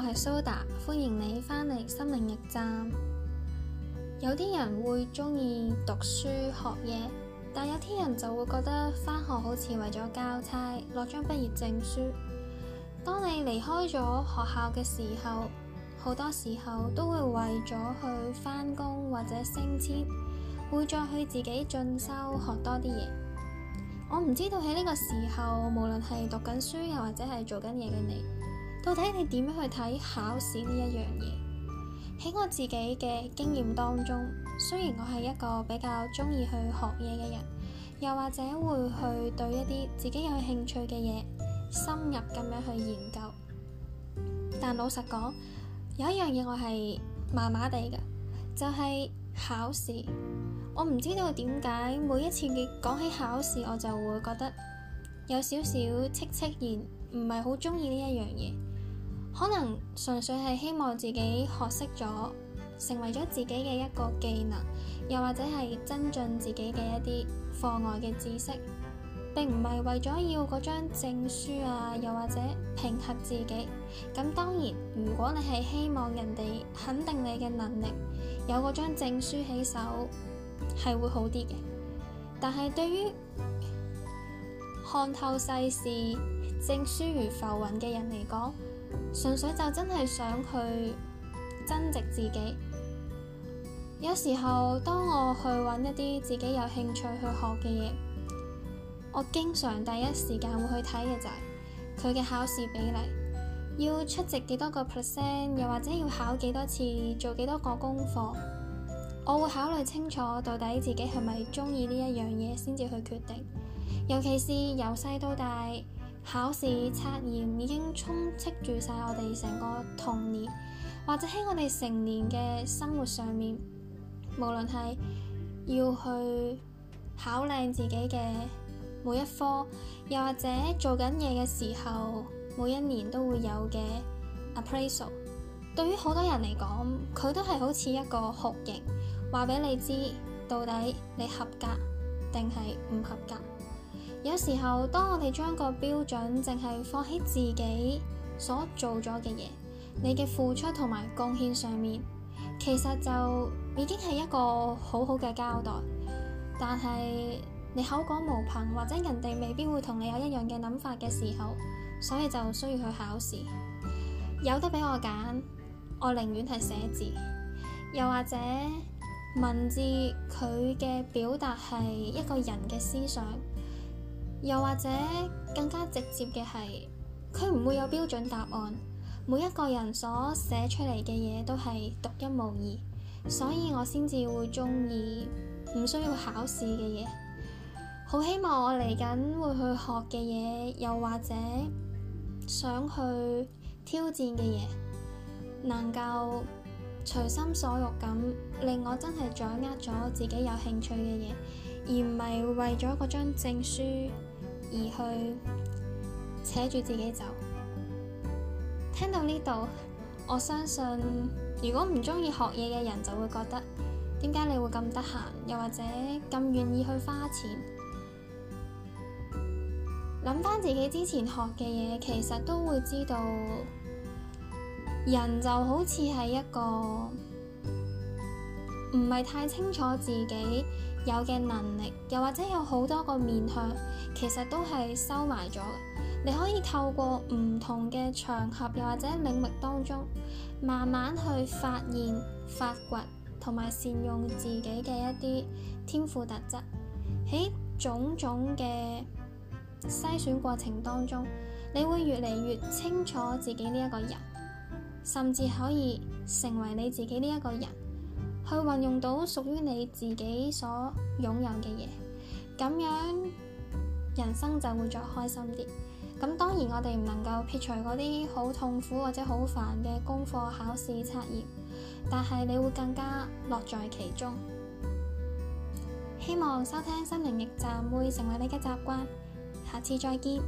我係蘇達，歡迎你返嚟心靈驛站。有啲人會中意讀書學嘢，但有啲人就會覺得返學好似為咗交差，落張畢業證書。當你離開咗學校嘅時候，好多時候都會為咗去返工或者升遷，會再去自己進修學多啲嘢。我唔知道喺呢個時候，無論係讀緊書又或者係做緊嘢嘅你。到底你點樣去睇考試呢一樣嘢？喺我自己嘅經驗當中，雖然我係一個比較中意去學嘢嘅人，又或者會去對一啲自己有興趣嘅嘢深入咁樣去研究，但老實講，有一樣嘢我係麻麻地嘅，就係考試。我唔知道點解每一次嘅講起考試，我就會覺得有少少戚戚然。唔係好中意呢一樣嘢，可能純粹係希望自己學識咗，成為咗自己嘅一個技能，又或者係增進自己嘅一啲課外嘅知識。並唔係為咗要嗰張證書啊，又或者評核自己。咁當然，如果你係希望人哋肯定你嘅能力，有嗰張證書起手係會好啲嘅。但係對於看透世事，證書如浮雲嘅人嚟講，純粹就真係想去增值自己。有時候當我去揾一啲自己有興趣去學嘅嘢，我經常第一時間會去睇嘅就係佢嘅考試比例，要出席幾多個 percent，又或者要考幾多次，做幾多個功課。我會考慮清楚到底自己係咪鍾意呢一樣嘢，先至去決定。尤其是由細到大。考試測驗已經充斥住晒我哋成個童年，或者喺我哋成年嘅生活上面，無論係要去考靚自己嘅每一科，又或者做緊嘢嘅時候，每一年都會有嘅 appraisal。對於好多人嚟講，佢都係好似一個酷刑，話俾你知到底你合格定係唔合格。有時候，當我哋將個標準淨係放喺自己所做咗嘅嘢，你嘅付出同埋貢獻上面，其實就已經係一個好好嘅交代。但係你口講無憑，或者人哋未必會同你有一樣嘅諗法嘅時候，所以就需要去考試。有得俾我揀，我寧願係寫字，又或者文字，佢嘅表達係一個人嘅思想。又或者更加直接嘅係佢唔會有標準答案，每一個人所寫出嚟嘅嘢都係獨一無二，所以我先至會中意唔需要考試嘅嘢。好希望我嚟緊會去學嘅嘢，又或者想去挑戰嘅嘢，能夠隨心所欲咁令我真係掌握咗自己有興趣嘅嘢。而唔係為咗嗰張證書而去扯住自己走。聽到呢度，我相信如果唔中意學嘢嘅人就會覺得點解你會咁得閒，又或者咁願意去花錢。諗翻自己之前學嘅嘢，其實都會知道，人就好似係一個。唔係太清楚自己有嘅能力，又或者有好多個面向，其實都係收埋咗嘅。你可以透過唔同嘅場合，又或者領域當中，慢慢去發現、發掘同埋善用自己嘅一啲天賦特質。喺種種嘅篩選過程當中，你會越嚟越清楚自己呢一個人，甚至可以成為你自己呢一個人。去運用到屬於你自己所擁有嘅嘢，咁樣人生就會再開心啲。咁當然我哋唔能夠撇除嗰啲好痛苦或者好煩嘅功課、考試、測驗，但係你會更加樂在其中。希望收聽《心靈驛站》會成為你嘅習慣，下次再見。